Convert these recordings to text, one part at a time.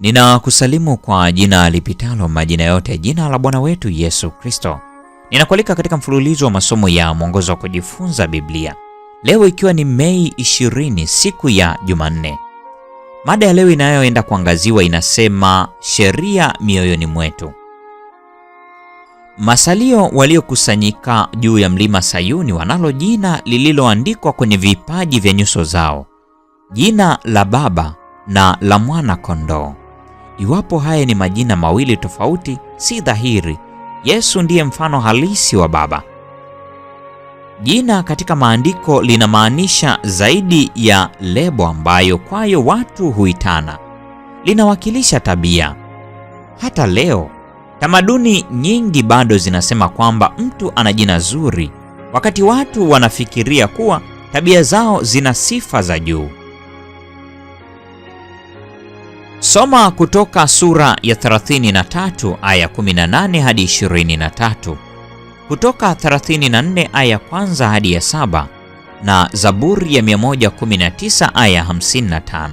Ninakusalimu kwa jina lipitalo majina yote, jina la Bwana wetu Yesu Kristo. Ninakualika katika mfululizo wa masomo ya mwongozo wa kujifunza Biblia, leo ikiwa ni Mei 20 siku ya Jumanne. Mada ya leo inayoenda kuangaziwa inasema sheria mioyoni mwetu. Masalio waliokusanyika juu ya mlima Sayuni wanalo jina lililoandikwa kwenye vipaji vya nyuso zao, jina la Baba na la Mwana Kondoo. Iwapo haya ni majina mawili tofauti, si dhahiri Yesu ndiye mfano halisi wa Baba. Jina katika maandiko linamaanisha zaidi ya lebo ambayo kwayo watu huitana. Linawakilisha tabia. Hata leo tamaduni nyingi bado zinasema kwamba mtu ana jina zuri, wakati watu wanafikiria kuwa tabia zao zina sifa za juu. Soma kutoka sura ya 33 aya 18 hadi 23, kutoka 34 aya kwanza hadi ya saba na Zaburi ya 119 aya 55.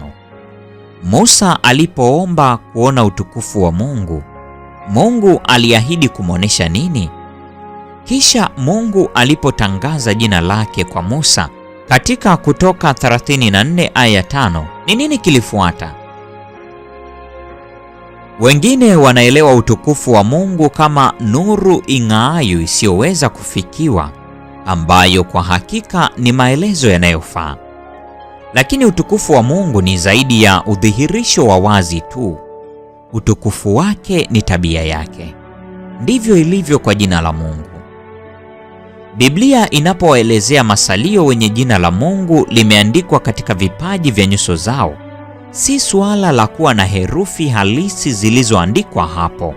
Musa alipoomba kuona utukufu wa Mungu, Mungu aliahidi kumwonyesha nini? Kisha Mungu alipotangaza jina lake kwa Musa katika Kutoka 34 aya 5, ni nini kilifuata? Wengine wanaelewa utukufu wa Mungu kama nuru ing'aayo isiyoweza kufikiwa, ambayo kwa hakika ni maelezo yanayofaa. Lakini utukufu wa Mungu ni zaidi ya udhihirisho wa wazi tu. Utukufu wake ni tabia yake. Ndivyo ilivyo kwa jina la Mungu. Biblia inapowaelezea masalio wenye jina la Mungu limeandikwa katika vipaji vya nyuso zao, si suala la kuwa na herufi halisi zilizoandikwa hapo.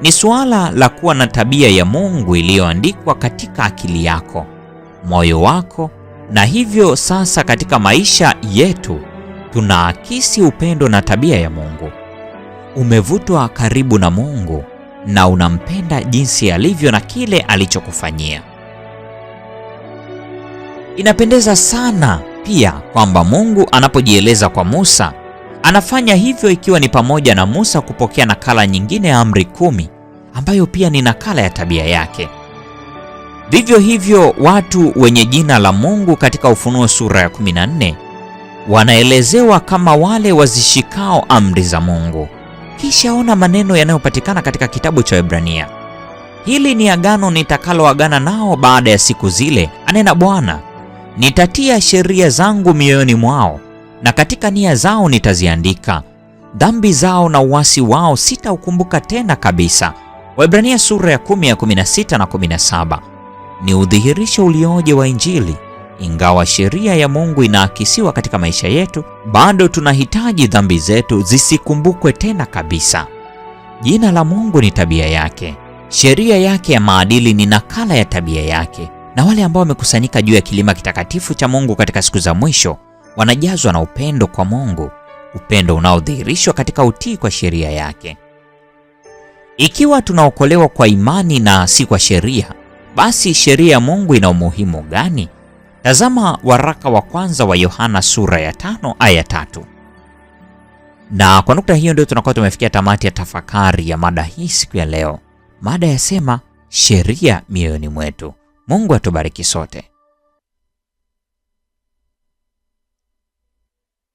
Ni suala la kuwa na tabia ya Mungu iliyoandikwa katika akili yako, moyo wako, na hivyo sasa katika maisha yetu tunaakisi upendo na tabia ya Mungu. Umevutwa karibu na Mungu na unampenda jinsi alivyo na kile alichokufanyia. Inapendeza sana pia kwamba Mungu anapojieleza kwa Musa anafanya hivyo ikiwa ni pamoja na Musa kupokea nakala nyingine ya amri kumi ambayo pia ni nakala ya tabia yake. Vivyo hivyo watu wenye jina la Mungu katika Ufunuo sura ya 14 wanaelezewa kama wale wazishikao amri za Mungu. Kisha ona maneno yanayopatikana katika kitabu cha Ebrania, hili ni agano nitakaloagana nao baada ya siku zile, anena Bwana, Nitatia sheria zangu mioyoni mwao na katika nia zao nitaziandika. Dhambi zao na uasi wao sitaukumbuka tena kabisa. Waebrania sura ya 10 ya 16 na 17. Ni udhihirisho ulioje wa Injili! Ingawa sheria ya Mungu inaakisiwa katika maisha yetu, bado tunahitaji dhambi zetu zisikumbukwe tena kabisa. Jina la Mungu ni tabia yake. Sheria yake ya maadili ni nakala ya tabia yake na wale ambao wamekusanyika juu ya kilima kitakatifu cha Mungu katika siku za mwisho wanajazwa na upendo kwa Mungu, upendo unaodhihirishwa katika utii kwa sheria yake. Ikiwa tunaokolewa kwa imani na si kwa sheria, basi sheria ya Mungu ina umuhimu gani? Tazama waraka wa kwanza wa Yohana sura ya tano aya tatu. Na kwa nukta hiyo ndio tunakuwa tumefikia tamati ya tafakari ya mada hii siku ya leo. Mada yasema sheria mioyoni mwetu. Mungu atubariki sote.